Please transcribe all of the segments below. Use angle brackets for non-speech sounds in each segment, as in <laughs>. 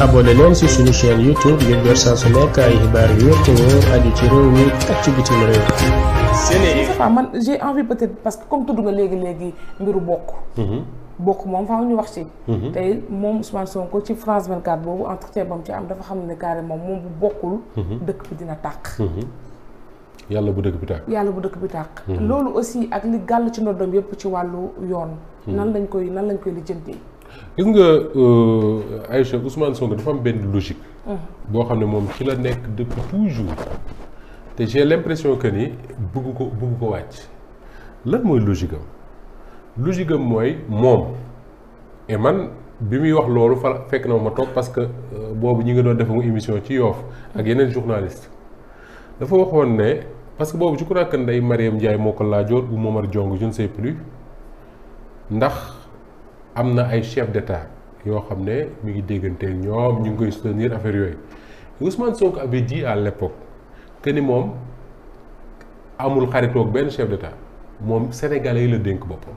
abonné leen ci suñu chaîne YouTube ngir jot saa su nekk ay xibaar yu te wóor aju ci réew mi ak ci bitim réew. Moustapha man j'ai envie peut-être parce que comme tudd nga léegi léegi mbiru bokk. Mhm. bokk moom faaw ñu wax ci. Mhm. tey moom Ousmane Sonko ci France 24 boobu entretien ba mu ci am dafa xam ne carrément moom bu bokkul. Mhm. dëkk bi dina tàkk. yàlla bu dëkk bi tàkk. yàlla bu dëkk bi tàkk. loolu aussi ak li gàll ci ndoddom yëpp ci wàllu yoon. nan lañ koy nan lañ koy lijjantee. gis nga euh, Aïcha Ousmane Sonko dafa am benn logique. boo xam ne moom ci la nekk depuis toujours. te j'ai l'impression que ni bëgg ko bëgg ko wàcc lan mooy logique am logique am mooy moom et man bi muy wax loolu fa fekk na ma toog parce que euh, boobu ñu nga doon defamu émission ci Yoff ak yeneen journaliste dafa waxoon ne parce que boobu je crois que Ndeye Mariam Ndiaye moo ko laajoon ou Momar Diong je ne plus ndax. am na ay chef d'État yoo xam ne mi ngi dégganteel ñoom ñu ngi koy soutenir affaire yooyu Ousmane Sonko avait dit à l'époque que ni moom amul xaritoog benn chef d'État moom sénégalais la dénk boppam.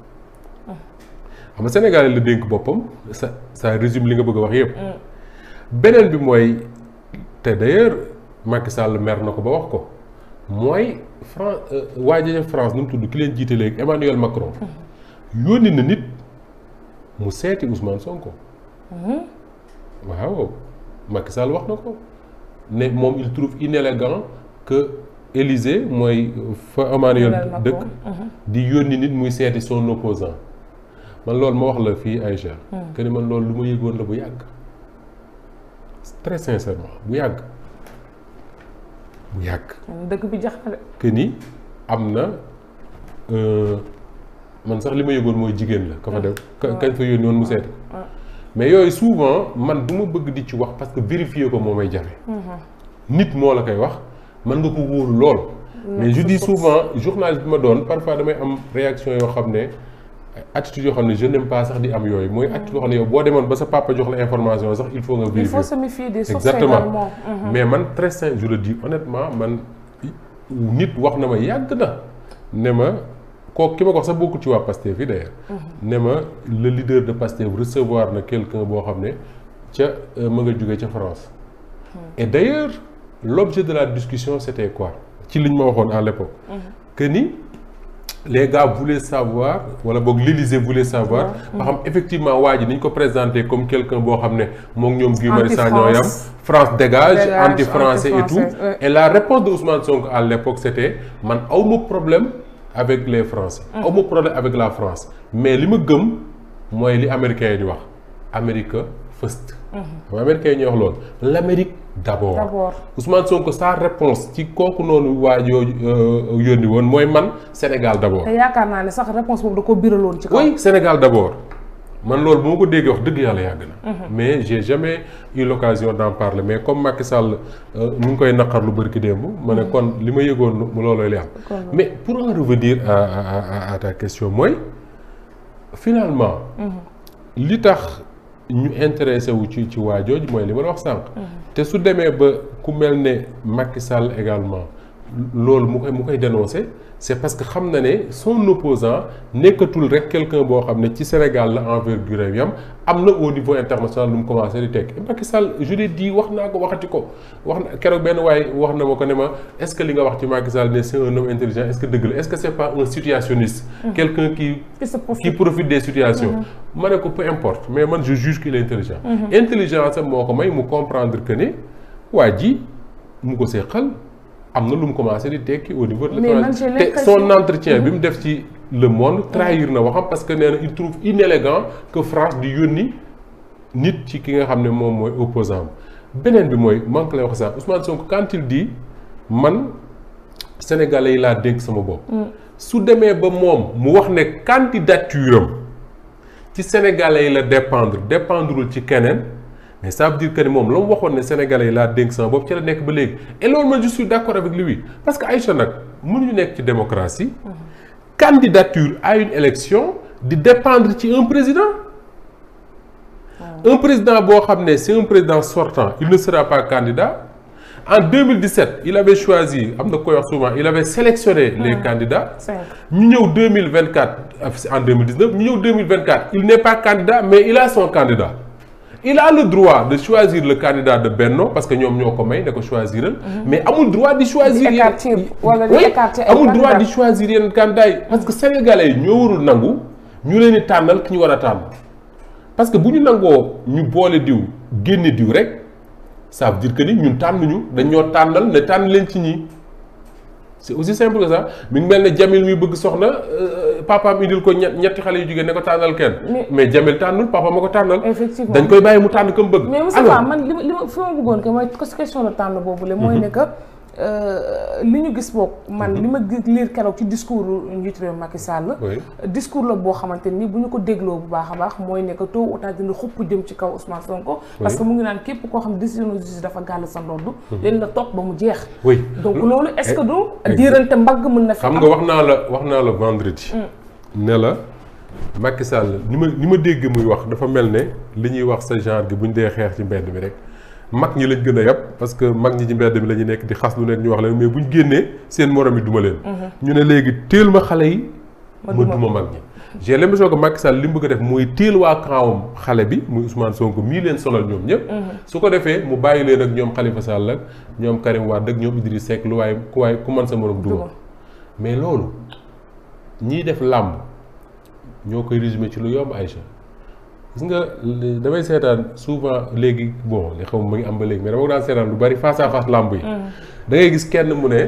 xam nga sénégalais la dénk boppam ça ça résume li nga bëgg a wax yëpp. Mm. beneen bi mooy te d'ailleurs Macky Sall mer na ko ba wax ko mooy France euh, waajalee France nu mu tudd ki leen jiite léegi Emmanuel Macron. Mm. yónni na nit. mu seeti Ousmane Sonko. Mhm. waaw Macky wax na ko ne moom il trouve inélégant que Élysée mooy fa Emmanuel dëkk mhm. di yónni nit muy seeti son opposant man loolu ma wax la fii Aïcha mhm. que man lool lu ma yëgoon la bu yàgg très sincèrement bu yàgg bu yàgg dëkk bi jax na que ni am na euh, man sax li ma yëgoon mooy jigéen la ka fa ah. def ah. kañ fa yónni woon mu seet ah. mais yooyu souvent man du ma bëgg di ci wax parce que vérifier ko moo may jafe mm-hmm. nit moo la koy wax mën nga ko wóolu lool mm-hmm. mais je dis souvent journaliste bi ma doon parfois damay am réaction yoo xam ne attitude yoo xam ne je n'aime pas sax di am yooyu mooy attitude xam ne yow boo demoon ba sa papa jox la information sax il faut nga vérifier exactement mm-hmm. mais man très simple je le dis nit wax na ma yàgg na ne ma kooku ki ma ko wax sax bokkul ci waa Pastef yi d'ailleurs mhm. ne ma le leader de Pastef recevoir na quelqu'un boo xam ne ca euh, ma nga jóge ca France mhm. et d'ailleurs l'objet de la discussion c'était quoi ci liñ ma waxoon à l'époque mhm. que ni les gars voulaient savoir wala boog l'Élysée voulait savoir ba xam effectivement waa ji niñ ko présenté comme quelqu'un boo xam ne moom ñoom Guy Marius Sagna ñoo yam France dégage anti-français et tout et la réponse de Ousmane Sonko à l'époque c'était man awma problème avec les Français. aw ma problème avec la France. mais li ma gëm mooy li américains yi di wax Amérique first. Mhm. xam yi ñuy wax loolu l' Amérique d' abord. d' abord réponse ci kooku noonu waa yoo euh, yónni woon mooy man Sénégal d' abord. te yaakaar naa ne sax réponse boobu da ko biraloon ci kaw. Sénégal d' abord. man loolu bu ma ko déggee wax dëgg yàlla yàgg na. Mhm. mais j'ai jamais eu l'occasion d'en parler mais comme Macky Sall mu euh, ngi koy naqar lu bërki démb ma ne mhm. kon li ma yëgoon loolooy li am. mais pour en revenir à à question mooy finalement. Mhm. li tax ñu intéressé wu ci ci waa jooju mooy li ma la wax sànq. te su demee ba ku mel ne Macky Sall également. loolu mu koy mu koy dénoncer c'est parce que xam na ne son opposant nekkatul rek quelqu'un boo xam ne ci Sénégal la envergure yam am na au niveau international lu mu commencé di teg Macky Sall je l'ai dit wax naa ko waxati ko wax na keroog benn waaye wax na ma ko ne ma est-ce que li nga wax ci Macky Sall ne c'est un homme intelligent est-ce que dëgg la est c'est pas un situationniste mm-hmm. quelqu'un qui qui profite des mm-hmm. ma ne ko peu importe mais man je juge qu'il est intelligent mm-hmm. intelligence am moo ko may mu comprendre que waa ji mu ko see am na lu mu commencé di tekki au niveau de l'étranger te son entretien bi mm-hmm. mu def ci le monde trahir na waxam parce que nee na il trouve inélégant que France di yónni nit ci ki nga xam ne moom mooy opposant beneen bi mooy man lay wax sax Ousmane Sonko quand il di man sénégalais yi laa dénk sama bopp. Mm. su demee ba moom mu wax ne candidature am ci sénégalais yi la dépendre dépendrul ci keneen. mais ça veut dire moom la mu waxoon ne sénégalais yi laa dénk sama bopp ci la nekk ba léegi et loolu man je suis avec lui parce que Aïcha nag mënuñu nekk ci démocratie candidature à une élection di dépendre ci un président un président boo xam ne c' est un président sortant il ne sera pas candidat en 2017 il avait choisi am na koy wax souvent il avait sélectionné les candidats ñu ñëw euh, il n' est pas candidat mais il a son candidat il a le droit de choisir le candidat de Benno parce que ñoom ñoo ko may da ko choisiral mhm. mais amul droit di choisir yenn amul droit di choisir yenn candidat yi parce que sénégalais ñoo warul nangu ñu leen di tànnal ki ñu war a tànn parce que bu ñu nangoo ñu boole diw génne diw rek ça veut dire que ni ñun tànnuñu ñoo tànnal ne tànn leen ci ñii c'est aussi simple que ça mi ngi mel ne Jamil mi bëgg soxna euh, papaam indil ko ñetti xale yu jigéen ne ko tànnal kenn. mais Jamil tànnul papa ma ko tànnal. effectivement dañ koy bàyyi mu tànn comme bëgg. alors mais Moussa man li ma li ma fi ma bëggoon que mooy question la tànn boobu la. mooy mhm. ne Euh, li ñu gis book man mhm. li ma liir keroog ci discours njiitu réew Macky Sall discours la boo xamante ni bu ñu ko dégloo bu baax a baax mooy ne que tôt ou tard dina xupp jëm ci kaw Ousmane Sonko parce que mu ngi naan képp koo xam ne décision justice dafa gàll sa mhm. topp ba mu jeex donc loolu est-ce que du eh, mën na fi nga wax naa la wax naa la vendredi mm. ne la Macky Sall ni ma ni ma dégg muy wax dafa mel ne li ñuy wax sa genre gi bu ñu dee xeex ci mbedd mi rek mag ñi lañ gën a yab parce que mag ñi ci mbedd mi la ñu nekk di xas lu nekk ñu wax leen mais buñ génnee seen morom yi duma leen. Mhm. ñu ne léegi teel ma xale yi. ma duma mag ñi. j'ai l'impression que Macky li mu def mooy teel waa kaawam xale bi muy Ousmane Sonko mii leen sonal ñoom ñëpp. Mhm. su ko defee mu bàyyi leen ak ñoom Khalifa Sall ak ñoom Karim Wade ak ñoom Idriss Seck lu waay ku waay ku mën sa morom duma. mais loolu ñiy def làmb ñoo koy résumé ci lu yomb Aïcha gis nga damay seetaan souvent léegi bon li xaw ma ngi am ba léegi mais dama ko daan seetaan lu bari face à face làmb yi. Mm. da gis kenn mu ne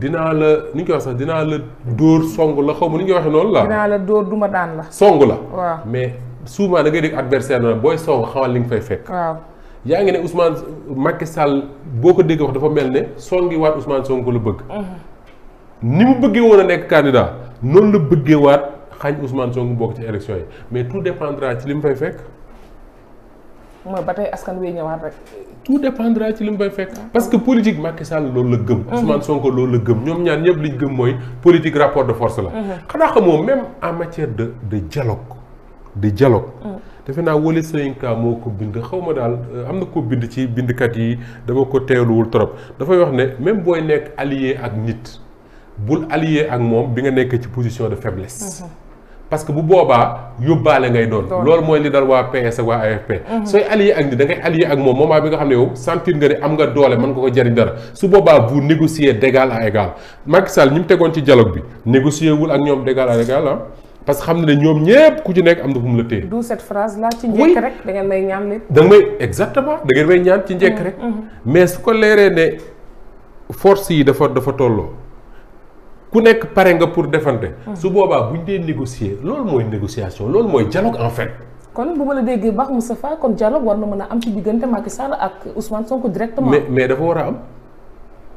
dinaa la ni ñu koy wax sax dinaa la dóor song la xaw ma ni ñu koy waxee noonu la. dinaa la dóor duma daan la. song la mais souvent da ngay dégg adversaire la booy song xawal li nga fay fekk. yaa ngi ne Ousmane makki Sall boo ko dégg wax dafa mel ne songi waat Ousmane Sonko la bëgg. Mm-hmm. ni mu bëggee woon a nekk candidat xañ Ousmane Sonko bokk mais tout dépendra ci li fay fekk. mooy ba tey askan wi ñëwaat rek. tout dépendra ci li mu fay fekk. Ah. parce que politique Macky Sall loolu la gëm. Mhm. Ousmane Sonko loolu la gëm ñoom ñaar ñëpp liñ gëm mooy politique rapport de la. Mhm. xanaa xamoo même en matière de de dialogue de dialogue. Mhm. defe naa Wole Soyinka moo ko bind xaw ma daal euh, am na ko bind ci bindkat yi dama ko teeluwul trop dafay wax ne même booy nekk allié ak nit bul allié ak moom bi nga nekk ci position de faiblesse. parce que bu boobaa yóbbaale ngay doon loolu mooy li dal waa PS ak waa AFP mhm. sooy allié ak ni da ngay allié ak moom moment bi nga xam ne yow sentir nga ne am nga doole mën nga ko jariñ dara su boobaa vous négociez d'égal à égal Macky Sall ñi mu tegoon ci dialogue bi négocier wul ak ñoom d'égal à égal ah que xam na ne ñoom ñëpp ku ci nekk am na fu mu la téye. d'où cette phrase là ci njëkk rek da ngeen may ñaan lépp. da nga exactement da ngeen may ñaan ci njekk mhm. rek. Mhm. mais su ko leeree ne force yi dafa dafa tolloo. ku nekk pare nga pour defante. Hmm. su boobaa buñ dee négocier loolu mooy négociation loolu mooy dialogue en fait. kon bu ma la déggee baax Moustapha kon dialogue war na mën a am ci diggante Macky Sall ak Ousmane Sonko directement. mais mais dafa war a am.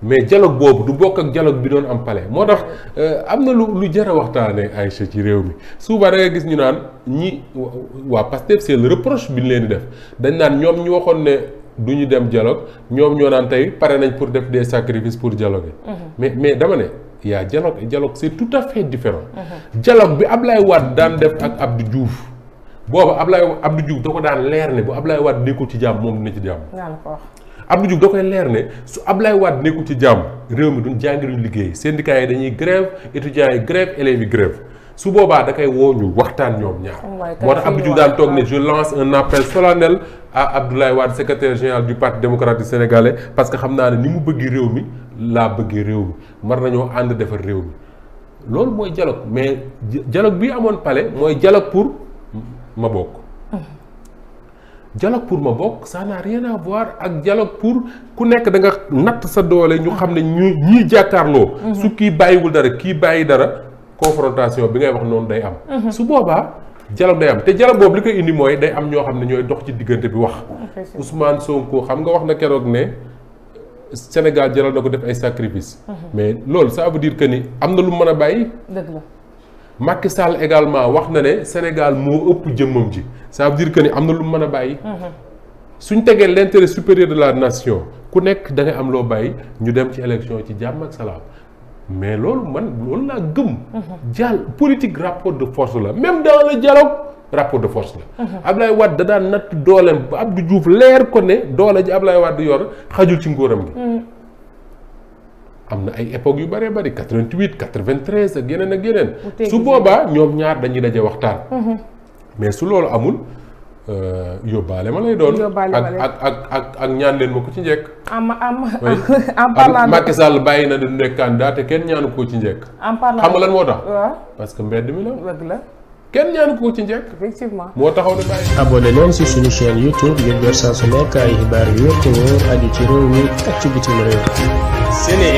mais jaloog boobu du bokk ak dialogue bi doon am palais moo tax euh, am na lu lu jar a waxtaanee Aïcha ci réew mi souvent da gis ñu naan ñi waa Pastef c'est le reproche bi ñu leen di def dañ naan ñoom ñu waxoon ne. du ñu dem dialogue ñoom ñoo naan tey pare nañ pour def des sacrifices pour dialoguer. Mhm. mais mais dama ne yaa dialogue dialogue c' tout à fait différent. Mhm. dialogue bi ab Ablaye Wade daan def ak Abdou Diouf boobu ab di Diouf da ko daan leer ne bu Ablaye Wade nekkul ci jàmm moom dina ci jàmm. Abdou Diouf da koy leer ne su ab Ablaye waat nekkul ci jàmm réew mi du jàngi duñ liggéey syndicats yi dañuy grève étudiants yi grève élèves yi grève su boobaa da kay woo ñu waxtaan ñoom ñaar. Oh moo tax Abdou Diouf daan toog ne je lance un appel solennel à Abdoulaye Wade secrétaire général du parti démocratique sénégalais parce que xam naa ne ni mu bëgg réew mi laa bëggee réew mi war nañoo ànd defar réew mi. loolu mooy dialogue mais dialogue bi amoon pale mooy dialogue pour ma bokk. Mm-hmm. dialogue pour ma bokk ça n'a ak dialogue pour ku nekk da nga natt sa doole ñu mm-hmm. xam ne ñuy ñuy jàkkaarloo. Mm-hmm. su kii bàyyiwul dara kii bàyyi dara. confrontation bi ngay wax noonu day am. Mhm. su boobaa dialogue day am te dialogue boobu li koy indi mooy day am ñoo xam ne ñooy dox ci diggante bi wax. Ousmane Sonko xam nga wax na keroog ne Sénégal jaral na ko def ay sacrifice. Mhm. mais loolu ça veut dire que ni am na lu mën a bàyyi. dëgg la. également wax na ne Sénégal moo ëpp jëmmam ji ça veut dire que ni am na lu mën a bàyyi. Mhm. suñ tegee l' intérêt supérieur de la nation ku nekk dangay am loo bàyyi ñu dem ci élection ci jàmm ak mais loolu man loolu naa gëm. jàll mhm. politique rapport de force la même dans le dialogue rapport de force la. Mhm. Ablaye Wade da daan natt dooleem ba Abdou juuf leer ko ne doole ji Ablaye Wade yoon xajul ci ngóoram gi. Mm. am na ay époque yu bëree bëri 88 93 ak yeneen ak yeneen. su boobaa ñoom ñaar dañuy daje waxtaan. Mhm. mais su loolu amul. Euh, yóbbaale ma lay doon. yóbbaale ma lay ak ak ak ñaan leen ma ko ci njëkk. am am <laughs> en parlant bàyyi na du nekk candidat kenn ñaanu koo ci njëkk. en parlant xam nga lan moo tax. parce mbedd mi la. kenn ñaanu ko ci njëkk. effectivement moo taxaw ne bàyyi. abonné leen si suñu chaîne YouTube ngir jot saa su nekk xibaar yu wér te wóor aju ci réew mi ak ci bitim réew.